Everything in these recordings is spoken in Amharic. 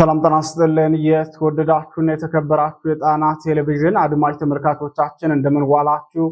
ሰላም ጤና ይስጥልን። የተወደዳችሁና የተከበራችሁ የጣና ቴሌቪዥን አድማጭ ተመልካቾቻችን እንደምንዋላችሁ።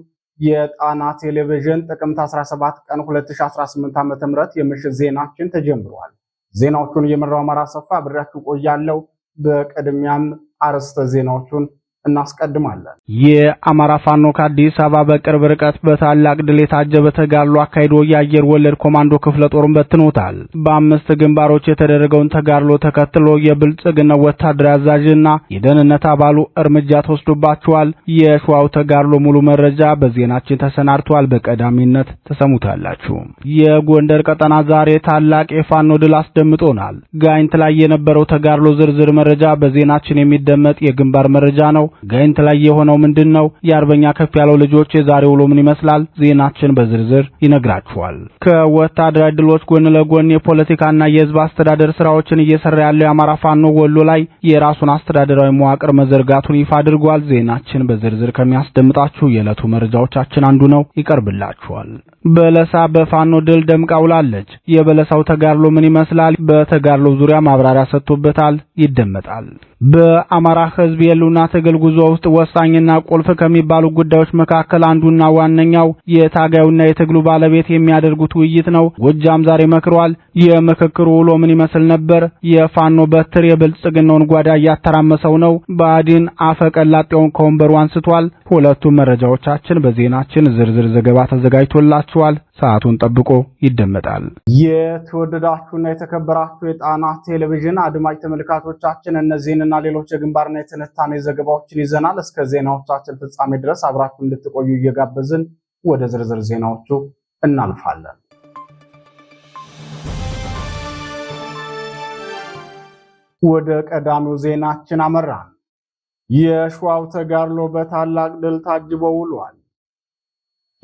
የጣና ቴሌቪዥን ጥቅምት 17 ቀን 2018 ዓ.ም የምሽት ዜናችን ተጀምሯል። ዜናዎቹን እየመራው አማራ ሰፋ ብሬያችሁ ቆያለሁ። በቅድሚያም አርዕስተ ዜናዎቹን እናስቀድማለን። የአማራ ፋኖ ከአዲስ አበባ በቅርብ ርቀት በታላቅ ድል የታጀበ ተጋድሎ አካሂዶ የአየር ወለድ ኮማንዶ ክፍለ ጦርን በትኖታል። በአምስት ግንባሮች የተደረገውን ተጋድሎ ተከትሎ ወታደር ወታደራዊ አዛዥና የደህንነት አባሉ እርምጃ ተወስዶባቸዋል። የሸዋው ተጋድሎ ሙሉ መረጃ በዜናችን ተሰናድቷል። በቀዳሚነት ተሰሙታላችሁ። የጎንደር ቀጠና ዛሬ ታላቅ የፋኖ ድል አስደምጦናል። ጋይንት ላይ የነበረው ተጋድሎ ዝርዝር መረጃ በዜናችን የሚደመጥ የግንባር መረጃ ነው። ጋይንት ላይ የሆነው ምንድን ነው? የአርበኛ ከፍ ያለው ልጆች የዛሬ ውሎ ምን ይመስላል? ዜናችን በዝርዝር ይነግራችኋል። ከወታደራዊ ድሎች ጎን ለጎን የፖለቲካና የህዝብ አስተዳደር ስራዎችን እየሰራ ያለው የአማራ ፋኖ ወሎ ላይ የራሱን አስተዳደራዊ መዋቅር መዘርጋቱን ይፋ አድርጓል። ዜናችን በዝርዝር ከሚያስደምጣችሁ የዕለቱ መረጃዎቻችን አንዱ ነው፣ ይቀርብላችኋል። በለሳ በፋኖ ድል ደምቃ ውላለች። የበለሳው ተጋድሎ ምን ይመስላል? በተጋድሎ ዙሪያ ማብራሪያ ሰጥቶበታል፣ ይደመጣል። በአማራ ሕዝብ የሉና ትግል ጉዞ ውስጥ ወሳኝና ቁልፍ ከሚባሉ ጉዳዮች መካከል አንዱና ዋነኛው የታጋዩና የትግሉ ባለቤት የሚያደርጉት ውይይት ነው። ጎጃም ዛሬ መክሯል። የምክክሩ ውሎ ምን ይመስል ነበር? የፋኖ በትር የብልጽግናውን ጓዳ እያተራመሰው ነው። ብአዴን አፈቀላጤውን ከወንበሩ አንስቷል። ሁለቱም መረጃዎቻችን በዜናችን ዝርዝር ዘገባ ተዘጋጅቶላችሁ ይደርሷል። ሰዓቱን ጠብቆ ይደመጣል። የተወደዳችሁና የተከበራችሁ የጣና ቴሌቪዥን አድማጭ ተመልካቾቻችን እነዚህንና ሌሎች የግንባርና የትንታኔ ዘገባዎችን ይዘናል። እስከ ዜናዎቻችን ፍጻሜ ድረስ አብራችሁ እንድትቆዩ እየጋበዝን ወደ ዝርዝር ዜናዎቹ እናልፋለን። ወደ ቀዳሚው ዜናችን አመራን። የሸዋው ተጋድሎ በታላቅ ድል ታጅቦ ውሏል።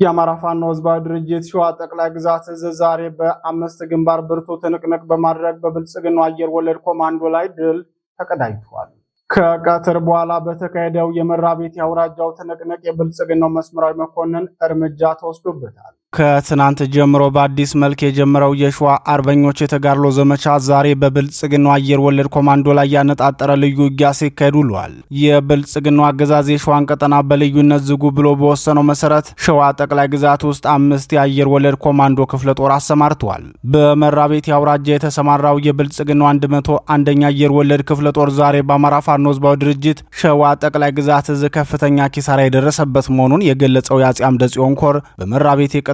የአማራ ፋኖ ህዝባዊ ድርጅት ሸዋ ጠቅላይ ግዛት እዝ ዛሬ በአምስት ግንባር ብርቱ ትንቅንቅ በማድረግ በብልጽግናው አየር ወለድ ኮማንዶ ላይ ድል ተቀዳጅቷል። ከቀትር በኋላ በተካሄደው የመራቤቴ አውራጃው ትንቅንቅ የብልጽግናው መስመራዊ መኮንን እርምጃ ተወስዶበታል። ከትናንት ጀምሮ በአዲስ መልክ የጀመረው የሸዋ አርበኞች የተጋድሎ ዘመቻ ዛሬ በብልጽግናው አየር ወለድ ኮማንዶ ላይ ያነጣጠረ ልዩ ውጊያ ሲካሄድ ውሏል። የብልጽግናው አገዛዝ የሸዋን ቀጠና በልዩነት ዝጉ ብሎ በወሰነው መሰረት ሸዋ ጠቅላይ ግዛት ውስጥ አምስት የአየር ወለድ ኮማንዶ ክፍለ ጦር አሰማርተዋል። በመራቤት አውራጃ የተሰማራው የብልጽግናው 101 አንደኛ አየር ወለድ ክፍለ ጦር ዛሬ በአማራ ፋኖ ህዝባዊ ድርጅት ሸዋ ጠቅላይ ግዛት እዝ ከፍተኛ ኪሳራ የደረሰበት መሆኑን የገለጸው የአጼ አምደ ጽዮን ኮር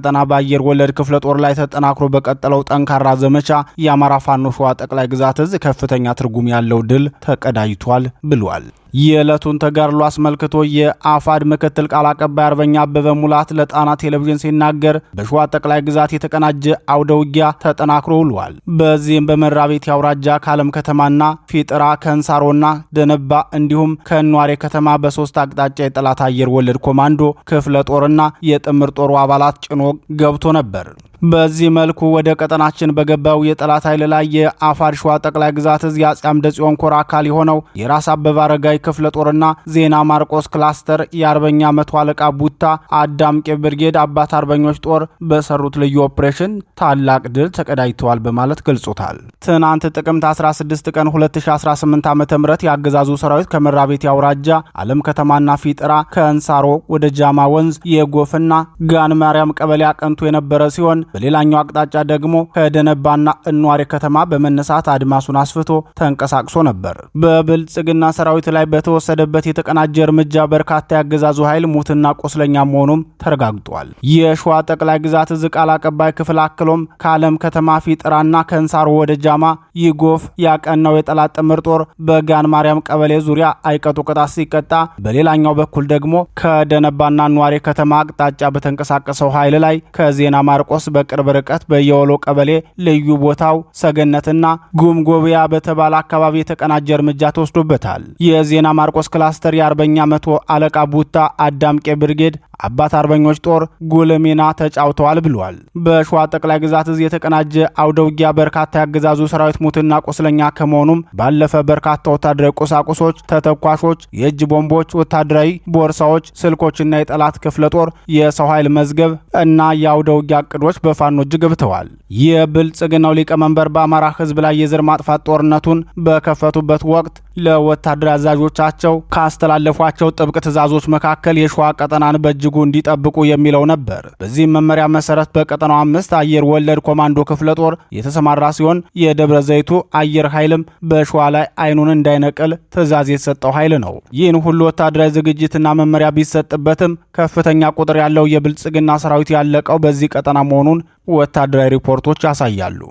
ቀጠና በአየር ወለድ ክፍለ ጦር ላይ ተጠናክሮ በቀጠለው ጠንካራ ዘመቻ የአማራ ፋኖ ሸዋ ጠቅላይ ግዛት እዝ ከፍተኛ ትርጉም ያለው ድል ተቀዳጅቷል ብሏል። የዕለቱን ተጋድሎ አስመልክቶ የአፋድ ምክትል ቃል አቀባይ አርበኛ አበበ ሙላት ለጣና ቴሌቪዥን ሲናገር በሸዋ ጠቅላይ ግዛት የተቀናጀ አውደ ውጊያ ተጠናክሮ ውሏል። በዚህም በመራቤቴ አውራጃ ከአለም ከተማና ፊጥራ ከእንሳሮና ደነባ እንዲሁም ከኗሬ ከተማ በሶስት አቅጣጫ የጠላት አየር ወለድ ኮማንዶ ክፍለ ጦርና የጥምር ጦሩ አባላት ጭኖ ገብቶ ነበር። በዚህ መልኩ ወደ ቀጠናችን በገባው የጠላት ኃይል ላይ የአፋር ሸዋ ጠቅላይ ግዛት እዝ የአጼ አምደ ጽዮን ኮር አካል የሆነው የራስ አበበ አረጋይ ክፍለ ጦርና ዜና ማርቆስ ክላስተር የአርበኛ መቶ አለቃ ቡታ አዳምቄ ብርጌድ አባት አርበኞች ጦር በሰሩት ልዩ ኦፕሬሽን ታላቅ ድል ተቀዳጅተዋል በማለት ገልጾታል። ትናንት ጥቅምት 16 ቀን 2018 ዓ ም የአገዛዙ ሰራዊት ቤት አውራጃ አለም ከተማና ፊጥራ ከእንሳሮ ወደ ጃማ ወንዝ የጎፍና ጋን ማርያም ቀበሌ አቀንቶ የነበረ ሲሆን በሌላኛው አቅጣጫ ደግሞ ከደነባና እኗሪ ከተማ በመነሳት አድማሱን አስፍቶ ተንቀሳቅሶ ነበር። በብልጽግና ሰራዊት ላይ በተወሰደበት የተቀናጀ እርምጃ በርካታ ያገዛዙ ኃይል ሙትና ቆስለኛ መሆኑም ተረጋግጧል። የሸዋ ጠቅላይ ግዛት እዝ ቃል አቀባይ ክፍል አክሎም ከዓለም ከተማ ፊጥራና ከእንሳሮ ወደ ጃማ ይጎፍ ያቀናው የጠላት ጥምር ጦር በጋን ማርያም ቀበሌ ዙሪያ አይቀጡ ቅጣት ሲቀጣ፣ በሌላኛው በኩል ደግሞ ከደነባና ኗሪ ከተማ አቅጣጫ በተንቀሳቀሰው ኃይል ላይ ከዜና ማርቆስ በቅርብ ርቀት በየወሎ ቀበሌ ልዩ ቦታው ሰገነትና ጉምጎብያ በተባለ አካባቢ የተቀናጀ እርምጃ ተወስዶበታል። የዜና ማርቆስ ክላስተር የአርበኛ መቶ አለቃ ቡታ አዳምቄ ብርጌድ አባት አርበኞች ጦር ጉልህ ሚና ተጫውተዋል ብሏል። በሸዋ ጠቅላይ ግዛት እዝ የተቀናጀ አውደውጊያ በርካታ ያገዛዙ ሰራዊት ሙትና ቁስለኛ ከመሆኑም ባለፈ በርካታ ወታደራዊ ቁሳቁሶች፣ ተተኳሾች፣ የእጅ ቦምቦች፣ ወታደራዊ ቦርሳዎች፣ ስልኮችና የጠላት ክፍለ ጦር የሰው ኃይል መዝገብ እና የአውደውጊያ እቅዶች በፋኖ እጅ ገብተዋል። የብልጽግናው ሊቀመንበር በአማራ ህዝብ ላይ የዘር ማጥፋት ጦርነቱን በከፈቱበት ወቅት ለወታደር አዛዦቻቸው ካስተላለፏቸው ጥብቅ ትዕዛዞች መካከል የሸዋ ቀጠናን በእጅጉ እንዲጠብቁ የሚለው ነበር። በዚህም መመሪያ መሰረት በቀጠናው አምስት አየር ወለድ ኮማንዶ ክፍለ ጦር የተሰማራ ሲሆን የደብረ ዘይቱ አየር ኃይልም በሸዋ ላይ አይኑን እንዳይነቅል ትዕዛዝ የተሰጠው ኃይል ነው። ይህን ሁሉ ወታደራዊ ዝግጅትና መመሪያ ቢሰጥበትም ከፍተኛ ቁጥር ያለው የብልጽግና ሰራዊት ያለቀው በዚህ ቀጠና መሆኑን መሆኑን ወታደራዊ ሪፖርቶች ያሳያሉ።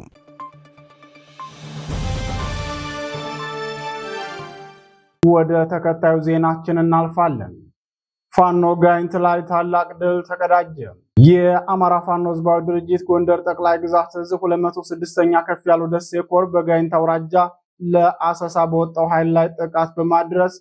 ወደ ተከታዩ ዜናችን እናልፋለን። ፋኖ ጋይንት ላይ ታላቅ ድል ተቀዳጀ። የአማራ ፋኖ ህዝባዊ ድርጅት ጎንደር ጠቅላይ ግዛት እዝ 206ኛ ከፍ ያለው ደሴ ኮር በጋይንት አውራጃ ለአሰሳ በወጣው ኃይል ላይ ጥቃት በማድረስ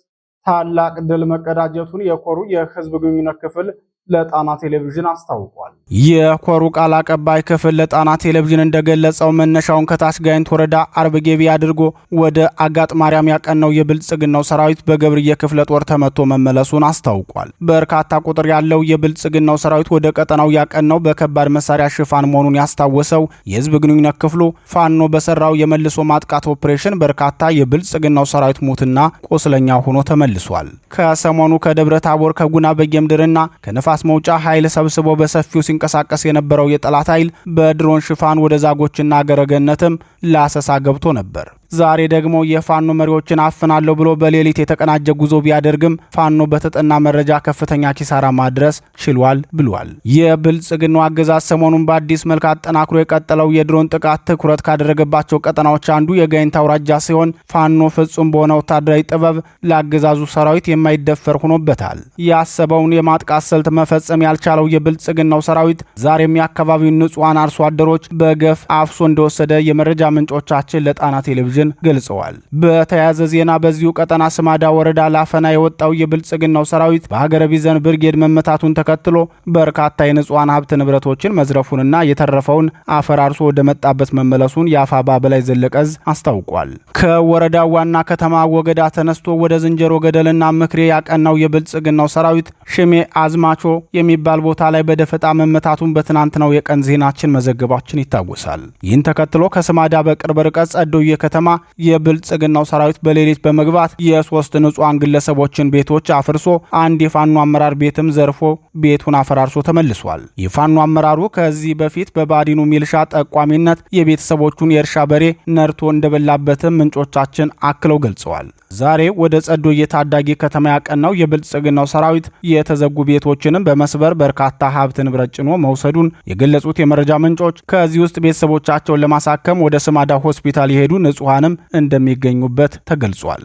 ታላቅ ድል መቀዳጀቱን የኮሩ የህዝብ ግንኙነት ክፍል ለጣና ቴሌቪዥን አስታውቋል። የኮሩ ቃል አቀባይ ክፍል ለጣና ቴሌቪዥን እንደገለጸው መነሻውን ከታች ጋይንት ወረዳ አርብ ገቢ አድርጎ ወደ አጋጥ ማርያም ያቀነው የብልጽግናው ሰራዊት በገብርዬ ክፍለ ጦር ተመቶ መመለሱን አስታውቋል። በርካታ ቁጥር ያለው የብልጽግናው ሰራዊት ወደ ቀጠናው ያቀነው በከባድ መሳሪያ ሽፋን መሆኑን ያስታወሰው የህዝብ ግንኙነት ክፍሉ ፋኖ በሰራው የመልሶ ማጥቃት ኦፕሬሽን በርካታ የብልጽግናው ሰራዊት ሙትና ቆስለኛ ሆኖ ተመልሷል። ከሰሞኑ ከደብረ ታቦር ከጉና በጌምድርና ከነፋ ከጠላት መውጫ ኃይል ሰብስቦ በሰፊው ሲንቀሳቀስ የነበረው የጠላት ኃይል በድሮን ሽፋን ወደ ዛጎችና ገረገነትም ላሰሳ ገብቶ ነበር። ዛሬ ደግሞ የፋኖ መሪዎችን አፍናለሁ ብሎ በሌሊት የተቀናጀ ጉዞ ቢያደርግም ፋኖ በተጠና መረጃ ከፍተኛ ኪሳራ ማድረስ ችሏል ብሏል። የብልጽግናው አገዛዝ ሰሞኑን በአዲስ መልክ አጠናክሮ የቀጠለው የድሮን ጥቃት ትኩረት ካደረገባቸው ቀጠናዎች አንዱ የጋይንት አውራጃ ሲሆን ፋኖ ፍጹም በሆነ ወታደራዊ ጥበብ ለአገዛዙ ሰራዊት የማይደፈር ሆኖበታል። ያሰበውን የማጥቃት ስልት መፈጸም ያልቻለው የብልጽግናው ሰራዊት ዛሬም የአካባቢውን ንጹሐን አርሶ አደሮች በገፍ አፍሶ እንደወሰደ የመረጃ ምንጮቻችን ለጣና ቴሌቪዥን ገልጸዋል። በተያያዘ ዜና በዚሁ ቀጠና ስማዳ ወረዳ ላፈና የወጣው የብልጽግናው ሰራዊት በሀገረ ቢዘን ብርጌድ መመታቱን ተከትሎ በርካታ የንጹሐን ሀብት ንብረቶችን መዝረፉንና የተረፈውን አርሶ ወደ መጣበት መመለሱን የአፋባ በላይ ዘለቀዝ አስታውቋል። ከወረዳ ዋና ከተማ ወገዳ ተነስቶ ወደ ዝንጀሮ ገደልና ምክሬ ያቀናው የብልጽግናው ሰራዊት ሽሜ አዝማቾ የሚባል ቦታ ላይ በደፈጣ መመታቱን በትናንትናው የቀን ዜናችን መዘገባችን ይታወሳል። ይህን ተከትሎ ከስማዳ በቅርብ ርቀት ጸዶዬ ከተማ የብልጽግናው ሰራዊት በሌሊት በመግባት የሶስት ንጹሐን ግለሰቦችን ቤቶች አፍርሶ አንድ የፋኖ አመራር ቤትም ዘርፎ ቤቱን አፈራርሶ ተመልሷል። የፋኖ አመራሩ ከዚህ በፊት በባዲኑ ሚልሻ ጠቋሚነት የቤተሰቦቹን የእርሻ በሬ ነርቶ እንደበላበትም ምንጮቻችን አክለው ገልጸዋል። ዛሬ ወደ ጸዶዬ ታዳጊ ከተማ ያቀናው የብልጽግናው ሰራዊት የተዘጉ ቤቶችን በመክፈልም በመስበር በርካታ ሀብት ንብረት ጭኖ መውሰዱን የገለጹት የመረጃ ምንጮች ከዚህ ውስጥ ቤተሰቦቻቸውን ለማሳከም ወደ ስማዳ ሆስፒታል የሄዱ ንጹሐንም እንደሚገኙበት ተገልጿል።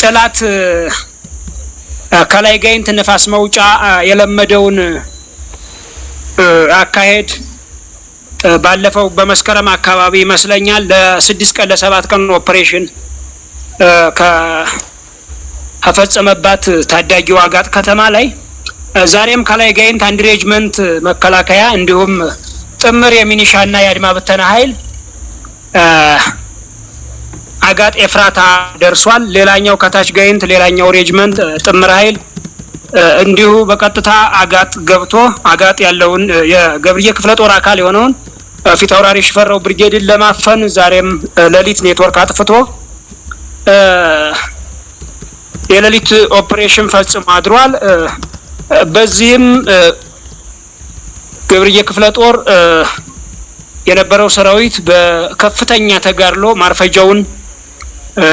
ጠላት ከላይ ጋይንት ነፋስ መውጫ የለመደውን አካሄድ ባለፈው በመስከረም አካባቢ ይመስለኛል ለስድስት ቀን ለሰባት ቀን ኦፕሬሽን ከፈጸመባት ታዳጊ ዋጋት ከተማ ላይ ዛሬም ከላይ ጋይንት አንድ ሬጅመንት መከላከያ እንዲሁም ጥምር የሚኒሻና የአድማ ብተና ኃይል አጋጥ ኤፍራታ ደርሷል። ሌላኛው ከታች ጋይንት ሌላኛው ሬጅመንት ጥምር ኃይል እንዲሁ በቀጥታ አጋጥ ገብቶ አጋጥ ያለውን የገብርዬ ክፍለ ጦር አካል የሆነውን ፊት አውራሪ ሽፈራው ብርጌድን ለማፈን ዛሬም ሌሊት ኔትወርክ አጥፍቶ የሌሊት ኦፕሬሽን ፈጽሞ አድሯል። በዚህም ገብርዬ ክፍለ ጦር የነበረው ሰራዊት በከፍተኛ ተጋድሎ ማርፈጃውን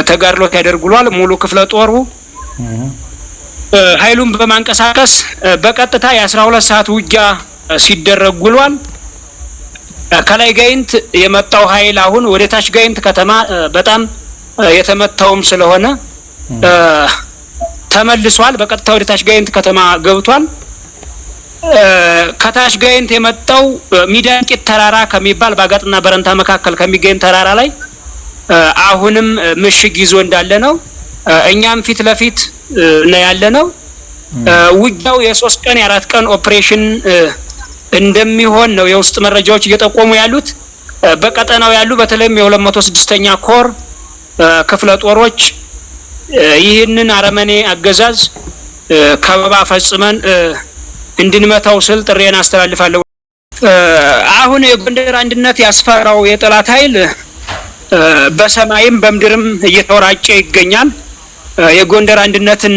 ተጋድሎ ያደርጉሏል። ሙሉ ክፍለ ጦሩ ኃይሉን በማንቀሳቀስ በቀጥታ የአስራ ሁለት ሰዓት ውጊያ ሲደረግ ውሏል። ከላይ ጋይንት የመጣው ኃይል አሁን ወደ ታች ጋይንት ከተማ በጣም የተመታውም ስለሆነ ተመልሷል። በቀጥታ ወደ ታች ጋይንት ከተማ ገብቷል። ከታች ጋይንት የመጣው ሚዳቂት ተራራ ከሚባል ባጋጥና በረንታ መካከል ከሚገኝ ተራራ ላይ አሁንም ምሽግ ይዞ እንዳለ ነው። እኛም ፊት ለፊት ነው ያለ ነው። ውጊያው የሶስት ቀን የአራት ቀን ኦፕሬሽን እንደሚሆን ነው የውስጥ መረጃዎች እየጠቆሙ ያሉት። በቀጠናው ያሉ በተለይም የሁለት መቶ ስድስተኛ ኮር ክፍለ ጦሮች ይህንን አረመኔ አገዛዝ ከበባ ፈጽመን እንድንመታው ስል ጥሬን አስተላልፋለሁ። አሁን የጎንደር አንድነት ያስፈራው የጠላት ኃይል በሰማይም በምድርም እየተወራጨ ይገኛል። የጎንደር አንድነትን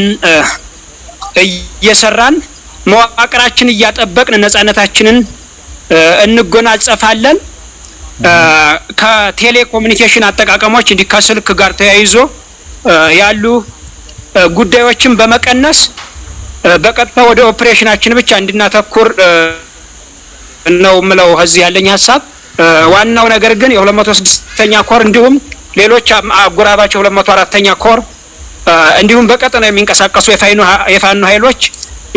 እየሰራን መዋቅራችን እያጠበቅን ነጻነታችንን እንጎናጸፋለን። ከቴሌኮሙኒኬሽን አጠቃቀሞች እንዲህ ከስልክ ጋር ተያይዞ ያሉ ጉዳዮችን በመቀነስ በቀጥታ ወደ ኦፕሬሽናችን ብቻ እንድናተኩር ነው ምለው እዚህ ያለኝ ሀሳብ። ዋናው ነገር ግን የሁለት መቶ ስድስተኛ ኮር እንዲሁም ሌሎች አጎራባቸው ሁለት መቶ አራተኛ ኮር እንዲሁም በቀጠናው የሚንቀሳቀሱ የፋኖ ኃይሎች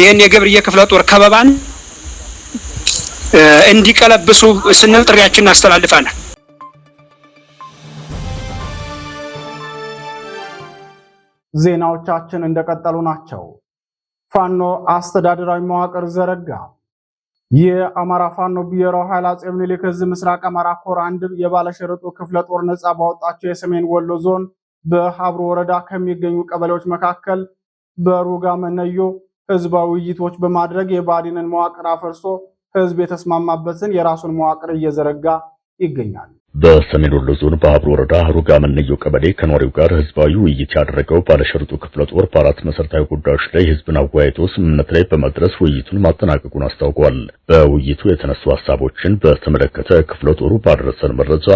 ይህን የገብርዬ ክፍለ ጦር ከበባን እንዲቀለብሱ ስንል ጥሪያችን እናስተላልፋለን። ዜናዎቻችን እንደቀጠሉ ናቸው። ፋኖ አስተዳደራዊ መዋቅር ዘረጋ። የአማራ ፋኖ ብሔራዊ ኃይል አጼ ምኒልክ ዕዝ ምስራቅ አማራ ኮር አንድ የባለሸርጡ ክፍለ ጦር ነጻ ባወጣቸው የሰሜን ወሎ ዞን በሀብሮ ወረዳ ከሚገኙ ቀበሌዎች መካከል በሩጋ መነዮ ህዝባዊ ውይይቶች በማድረግ የባዲንን መዋቅር አፈርሶ ህዝብ የተስማማበትን የራሱን መዋቅር እየዘረጋ ይገኛል። በሰሜን ወሎ ዞን በሀብሩ ወረዳ ሩጋ መነዮ ቀበሌ ከኗሪው ጋር ህዝባዊ ውይይት ያደረገው ባለሸርጡ ክፍለ ጦር በአራት መሰረታዊ ጉዳዮች ላይ ህዝብን አወያይቶ ስምምነት ላይ በመድረስ ውይይቱን ማጠናቀቁን አስታውቋል። በውይይቱ የተነሱ ሀሳቦችን በተመለከተ ክፍለ ጦሩ ባደረሰን መረጃ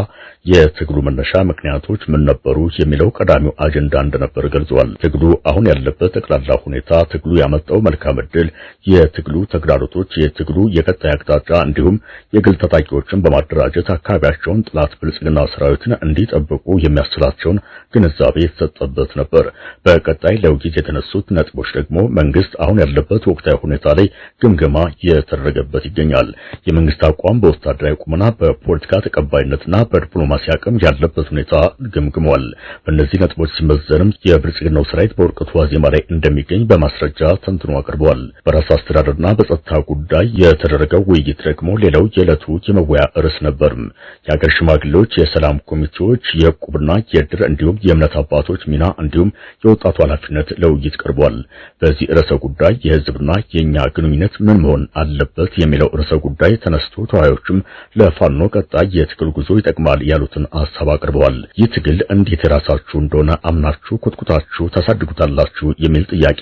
የትግሉ መነሻ ምክንያቶች ምን ነበሩ የሚለው ቀዳሚው አጀንዳ እንደነበር ገልጿል። ትግሉ አሁን ያለበት ጠቅላላ ሁኔታ፣ ትግሉ ያመጣው መልካም ዕድል፣ የትግሉ ተግዳሮቶች፣ የትግሉ የቀጣይ አቅጣጫ እንዲሁም የግል ታጣቂዎችን በማደራጀት አካባቢያቸውን ጥላት ህጻናት ብልጽግና ሰራዊትን እንዲጠብቁ የሚያስችላቸውን ግንዛቤ የተሰጠበት ነበር። በቀጣይ ለውይይት የተነሱት ነጥቦች ደግሞ መንግስት አሁን ያለበት ወቅታዊ ሁኔታ ላይ ግምገማ የተደረገበት ይገኛል። የመንግስት አቋም በወታደራዊ ቁመና፣ በፖለቲካ ተቀባይነትና በዲፕሎማሲ አቅም ያለበት ሁኔታ ግምግሟል። በእነዚህ ነጥቦች ሲመዘንም የብልጽግናው ሰራዊት በውድቀቱ ዋዜማ ላይ እንደሚገኝ በማስረጃ ተንትኖ አቅርቧል። በራስ አስተዳደርና በጸጥታ ጉዳይ የተደረገው ውይይት ደግሞ ሌላው የዕለቱ የመወያ ርዕስ ነበርም። የአገር ሽማግሌዎች፣ የሰላም ኮሚቴዎች፣ የዕቁብና የድር እንዲሁም የእምነት አባቶች ሚና እንዲሁም የወጣቱ ኃላፊነት ለውይይት ቀርቧል። በዚህ ርዕሰ ጉዳይ የህዝብና የእኛ ግንኙነት ምን መሆን አለበት የሚለው ርዕሰ ጉዳይ ተነስቶ ተወያዮችም ለፋኖ ቀጣይ የትግል ጉዞ ይጠቅማል ያሉትን ሀሳብ አቅርበዋል። ይህ ትግል እንዴት የራሳችሁ እንደሆነ አምናችሁ ኩትኩታችሁ ታሳድጉታላችሁ የሚል ጥያቄ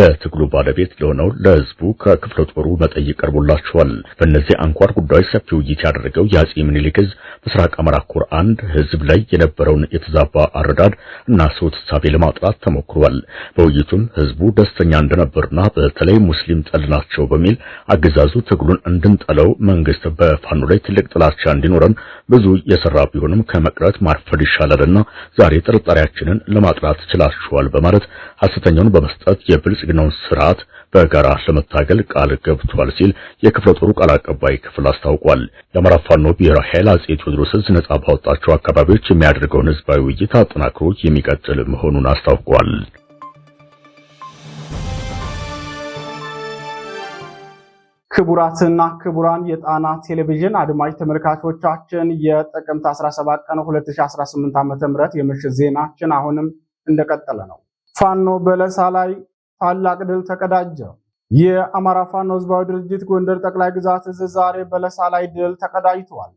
ለትግሉ ባለቤት ለሆነው ለህዝቡ ከክፍለ ጦሩ መጠይቅ ቀርቦላችኋል። በእነዚህ አንኳር ጉዳዮች ሰፊ ውይይት ያደረገው የአጼ ምኒልክ ዕዝ ምስራቅ አማራ ኮር አንድ ህዝብ ላይ የነበረውን የተዛባ አረዳድ እና ሰው ተሳቤ ለማጥራት ተሞክሯል። በውይይቱም ህዝቡ ደስተኛ እንደነበርና በተለይ ሙስሊም ጠል ናቸው በሚል አገዛዙ ትግሉን እንድንጠለው መንግስት በፋኖ ላይ ትልቅ ጥላቻ እንዲኖረን ብዙ የሰራ ቢሆንም ከመቅረት ማርፈድ ይሻላልና ዛሬ ጥርጣሬያችንን ለማጥራት ችላችኋል በማለት ሐሰተኛውን በመስጠት የብልጽግናውን ስርዓት በጋራ ለመታገል ቃል ገብቷል ሲል የክፍለ ጦሩ ቃል አቀባይ ክፍል አስታውቋል። የአማራ ፋኖ ብሔራዊ ኃይል አጼ ቴዎድሮስ ዕዝ ነጻ ባወጣቸው አካባቢዎች የሚያደርገውን ህዝባዊ ውይይት አጠናክሮ የሚቀጥል መሆኑን አስታውቋል። ክቡራትና ክቡራን የጣና ቴሌቪዥን አድማጭ ተመልካቾቻችን የጥቅምት 17 ቀን 2018 ዓ.ም የምሽት ዜናችን አሁንም እንደቀጠለ ነው። ፋኖ በለሳ ላይ ታላቅ ድል ተቀዳጀ። የአማራ ፋኖ ህዝባዊ ድርጅት ጎንደር ጠቅላይ ግዛት እዝ ዛሬ በለሳ ላይ ድል ተቀዳጅቷል።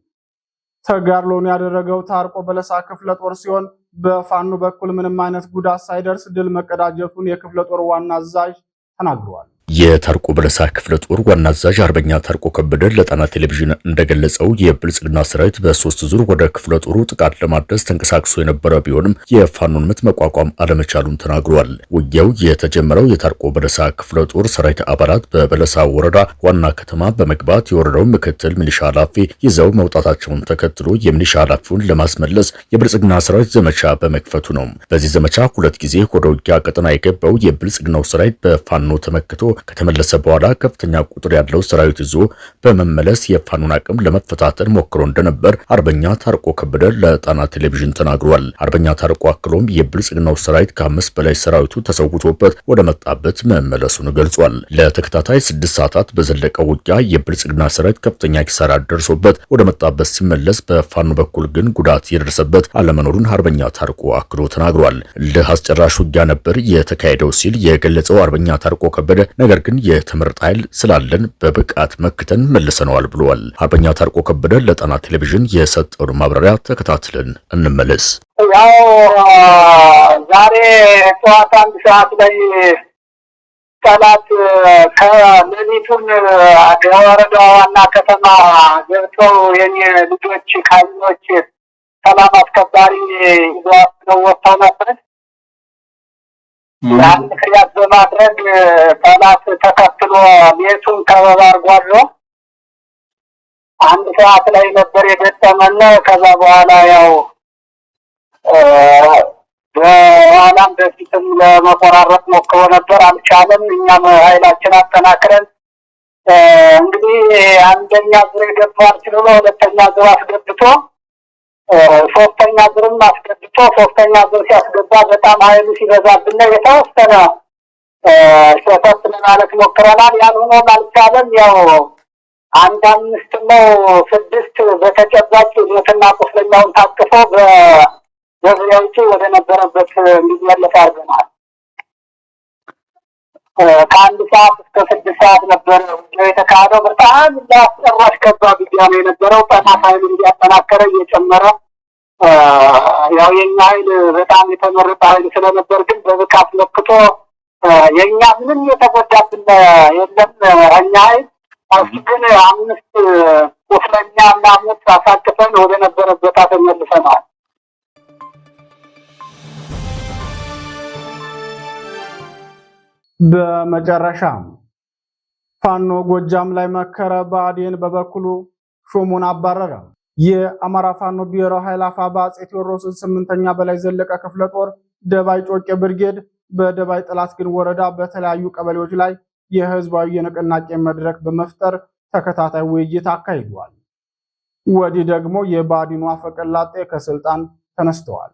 ተጋድሎውን ያደረገው ታርቆ በለሳ ክፍለ ጦር ሲሆን በፋኖ በኩል ምንም አይነት ጉዳት ሳይደርስ ድል መቀዳጀቱን የክፍለ ጦር ዋና አዛዥ ተናግረዋል። የታርቆ በለሳ ክፍለ ጦር ዋና አዛዥ አርበኛ ታርቆ ከበደ ለጣና ቴሌቪዥን እንደገለጸው የብልጽግና ሰራዊት በሶስት ዙር ወደ ክፍለ ጦሩ ጥቃት ለማድረስ ተንቀሳቅሶ የነበረ ቢሆንም የፋኖን ምት መቋቋም አለመቻሉን ተናግሯል። ውጊያው የተጀመረው የታርቆ በለሳ ክፍለ ጦር ሰራዊት አባላት በበለሳ ወረዳ ዋና ከተማ በመግባት የወረዳውን ምክትል ሚሊሻ ኃላፊ ይዘው መውጣታቸውን ተከትሎ የሚሊሻ ኃላፊውን ለማስመለስ የብልጽግና ሰራዊት ዘመቻ በመክፈቱ ነው። በዚህ ዘመቻ ሁለት ጊዜ ወደ ውጊያ ቀጠና የገባው የብልጽግናው ሰራዊት በፋኖ ተመክቶ ከተመለሰ በኋላ ከፍተኛ ቁጥር ያለው ሰራዊት ይዞ በመመለስ የፋኑን አቅም ለመፈታተን ሞክሮ እንደነበር አርበኛ ታርቆ ከበደ ለጣና ቴሌቪዥን ተናግሯል። አርበኛ ታርቆ አክሎም የብልጽግናው ሰራዊት ከአምስት በላይ ሰራዊቱ ተሰውቶበት ወደ መጣበት መመለሱን ገልጿል። ለተከታታይ ስድስት ሰዓታት በዘለቀው ውጊያ የብልጽግና ሰራዊት ከፍተኛ ኪሳራ ደርሶበት ወደ መጣበት ሲመለስ፣ በፋኑ በኩል ግን ጉዳት የደረሰበት አለመኖሩን አርበኛ ታርቆ አክሎ ተናግሯል። ልህ አስጨራሽ ውጊያ ነበር የተካሄደው ሲል የገለጸው አርበኛ ታርቆ ከበደ ነገር ግን የትምህርት ኃይል ስላለን በብቃት መክተን መልሰነዋል ብለዋል። አርበኛ ታርቆ ከበደ ለጣና ቴሌቪዥን የሰጠውን ማብራሪያ ተከታትለን እንመለስ። ያው ዛሬ ጠዋት አንድ ሰዓት ላይ ጠላት ከሌሊቱን የወረዳ ዋና ከተማ ገብተው የኔ ልጆች ካይኖች ሰላም አስከባሪ ይዘዋት ወጥተው ነበር ያን ምክንያት በማድረግ ጠላት ተከትሎ ቤቱን ከበባ አርጓሎ አንድ ሰዓት ላይ ነበር የገጠመና ከዛ በኋላ ያው በኋላም በፊትም ለመቆራረጥ ሞክሮ ነበር፣ አልቻለም። እኛም ኃይላችን አጠናክረን እንግዲህ አንደኛ ዙር የገባ አልችልሎ ሁለተኛ ዙር አስገብቶ ሶስተኛ ዙርም አስገብቶ ሶስተኛ ዙር ሲያስገባ በጣም ኃይሉ ሲበዛብን የተወሰነ ሸፈት ለማለት ሞክረናል። ያን ሆኖም አልቻለም። ያው አንድ አምስት ነው ስድስት በተጨባጭ ሞትና ቁስለኛውን ታቅፎ በዙሪያዎቹ ወደ ነበረበት እንዲመለስ አድርገናል። ከአንድ ሰዓት እስከ ስድስት ሰዓት ነበር ውጊያው የተካሄደው። በጣም ለአስጨራሽ ከባድ ውጊያ ነው የነበረው። ጠላት ኃይሉን እንዲያጠናከረ እየጨመረ ያው የኛ ኃይል በጣም የተመረጠ ኃይል ስለነበር ግን በብቃት ለክቶ የእኛ ምንም የተጎዳብን የለም። እኛ ኃይል እሱ ግን አምስት ቁስለኛ እና ሞት አሳቅፈን ወደ ነበረበት ተመልሰናል። በመጨረሻ ፋኖ ጎጃም ላይ መከረ። ብአዴን በበኩሉ ሹሙን አባረረ። የአማራ ፋኖ ብሔራዊ ኃይል አፋባ አፄ ቴዎድሮስን ስምንተኛ በላይ ዘለቀ ክፍለ ጦር ደባይ ጮቄ ብርጌድ በደባይ ጥላት ግን ወረዳ በተለያዩ ቀበሌዎች ላይ የህዝባዊ የንቅናቄ መድረክ በመፍጠር ተከታታይ ውይይት አካሂዷል። ወዲህ ደግሞ የብአዴኑ አፈቀላጤ ከስልጣን ተነስተዋል።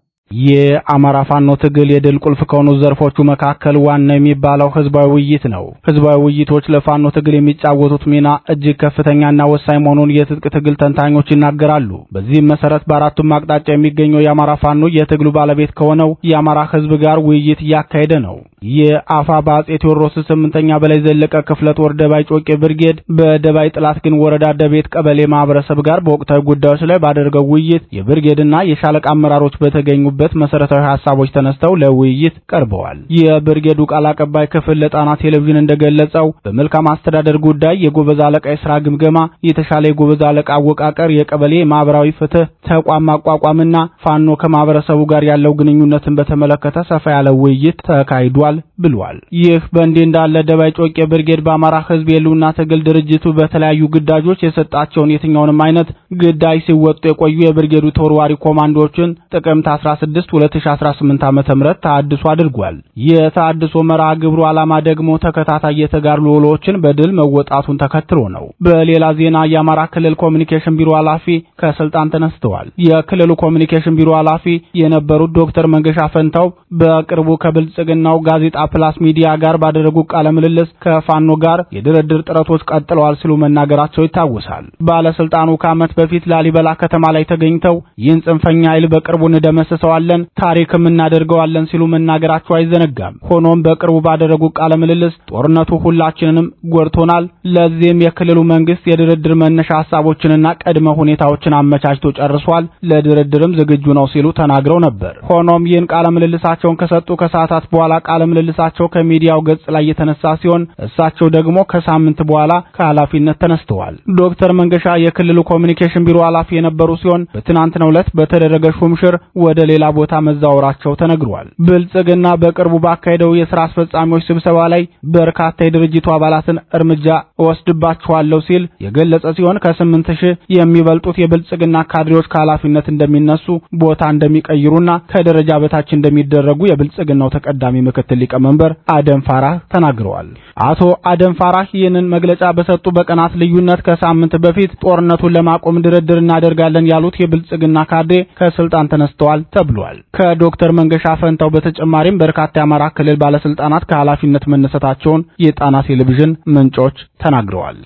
የአማራ ፋኖ ትግል የድል ቁልፍ ከሆኑ ዘርፎቹ መካከል ዋና የሚባለው ህዝባዊ ውይይት ነው። ህዝባዊ ውይይቶች ለፋኖ ትግል የሚጫወቱት ሚና እጅግ ከፍተኛና ወሳኝ መሆኑን የትጥቅ ትግል ተንታኞች ይናገራሉ። በዚህም መሰረት በአራቱም አቅጣጫ የሚገኘው የአማራ ፋኖ የትግሉ ባለቤት ከሆነው የአማራ ህዝብ ጋር ውይይት እያካሄደ ነው። የአፋ በአጼ ቴዎድሮስ ስምንተኛ በላይ ዘለቀ ክፍለ ጦር ደባይ ጮቄ ብርጌድ በደባይ ጥላት ግን ወረዳ ደቤት ቀበሌ ማህበረሰብ ጋር በወቅታዊ ጉዳዮች ላይ ባደረገው ውይይት የብርጌድና የሻለቃ አመራሮች በተገኙ ካሉበት መሰረታዊ ሀሳቦች ተነስተው ለውይይት ቀርበዋል። የብርጌዱ ቃል አቀባይ ክፍል ለጣና ቴሌቪዥን እንደገለጸው በመልካም አስተዳደር ጉዳይ የጎበዝ አለቃ የስራ ግምገማ፣ የተሻለ የጎበዝ አለቃ አወቃቀር፣ የቀበሌ ማህበራዊ ፍትህ ተቋም ማቋቋምና ፋኖ ከማህበረሰቡ ጋር ያለው ግንኙነትን በተመለከተ ሰፋ ያለ ውይይት ተካሂዷል ብሏል። ይህ በእንዲህ እንዳለ ደባይ ጮቄ ብርጌድ በአማራ ህዝብ የሉና ትግል ድርጅቱ በተለያዩ ግዳጆች የሰጣቸውን የትኛውንም አይነት ግዳጅ ሲወጡ የቆዩ የብርጌዱ ተወርዋሪ ኮማንዶዎችን ጥቅምት 17 16 2018 ዓ.ም ተሐድሶ አድርጓል። የተሐድሶ መርሃ ግብሩ ዓላማ ደግሞ ተከታታይ የተጋድሎ ውሎችን በድል መወጣቱን ተከትሎ ነው። በሌላ ዜና የአማራ ክልል ኮሚኒኬሽን ቢሮ ኃላፊ ከስልጣን ተነስተዋል። የክልሉ ኮሚኒኬሽን ቢሮ ኃላፊ የነበሩት ዶክተር መንገሻ ፈንታው በቅርቡ ከብልጽግናው ጋዜጣ ፕላስ ሚዲያ ጋር ባደረጉ ቃለ ምልልስ ከፋኖ ጋር የድርድር ጥረቶች ቀጥለዋል ሲሉ መናገራቸው ይታወሳል። ባለስልጣኑ ከዓመት በፊት ላሊበላ ከተማ ላይ ተገኝተው ይህን ጽንፈኛ ኃይል በቅርቡ እንደመሰሰው እናደርገዋለን፣ ታሪክም እናደርገዋለን ሲሉ መናገራቸው አይዘነጋም። ሆኖም በቅርቡ ባደረጉ ቃለ ምልልስ ጦርነቱ ሁላችንንም ጎድቶናል፣ ለዚህም የክልሉ መንግስት የድርድር መነሻ ሀሳቦችንና ቅድመ ሁኔታዎችን አመቻችቶ ጨርሷል፣ ለድርድርም ዝግጁ ነው ሲሉ ተናግረው ነበር። ሆኖም ይህን ቃለ ምልልሳቸውን ከሰጡ ከሰዓታት በኋላ ቃለ ምልልሳቸው ከሚዲያው ገጽ ላይ የተነሳ ሲሆን እሳቸው ደግሞ ከሳምንት በኋላ ከኃላፊነት ተነስተዋል። ዶክተር መንገሻ የክልሉ ኮሚኒኬሽን ቢሮ ኃላፊ የነበሩ ሲሆን በትናንትናው ዕለት በተደረገ ሹምሽር ወደ ሌላ ሌላ ቦታ መዛወራቸው ተነግሯል። ብልጽግና በቅርቡ ባካሄደው የስራ አስፈጻሚዎች ስብሰባ ላይ በርካታ የድርጅቱ አባላትን እርምጃ እወስድባቸዋለሁ ሲል የገለጸ ሲሆን ከስምንት ሺህ የሚበልጡት የብልጽግና ካድሬዎች ከኃላፊነት እንደሚነሱ ቦታ እንደሚቀይሩና ከደረጃ በታች እንደሚደረጉ የብልጽግናው ተቀዳሚ ምክትል ሊቀመንበር አደም ፋራህ ተናግረዋል። አቶ አደም ፋራህ ይህንን መግለጫ በሰጡ በቀናት ልዩነት ከሳምንት በፊት ጦርነቱን ለማቆም ድርድር እናደርጋለን ያሉት የብልጽግና ካድሬ ከስልጣን ተነስተዋል ተብሏል። ብሏል። ከዶክተር መንገሻ ፈንታው በተጨማሪም በርካታ የአማራ ክልል ባለስልጣናት ከኃላፊነት መነሳታቸውን የጣና ቴሌቪዥን ምንጮች ተናግረዋል።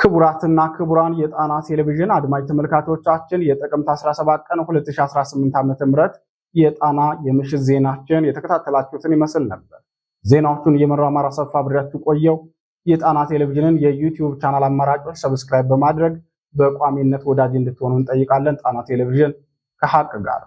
ክቡራትና ክቡራን የጣና ቴሌቪዥን አድማጭ ተመልካቾቻችን የጥቅምት 17 ቀን 2018 ዓ.ም የጣና የምሽት ዜናችን የተከታተላችሁትን ይመስል ነበር። ዜናዎቹን እየመራው አማራ ሰፋ ብሬያችሁ ቆየው። የጣና ቴሌቪዥንን የዩቲዩብ ቻናል አማራጮች ሰብስክራይብ በማድረግ በቋሚነት ወዳጅ እንድትሆኑ እንጠይቃለን። ጣና ቴሌቪዥን ከሀቅ ጋር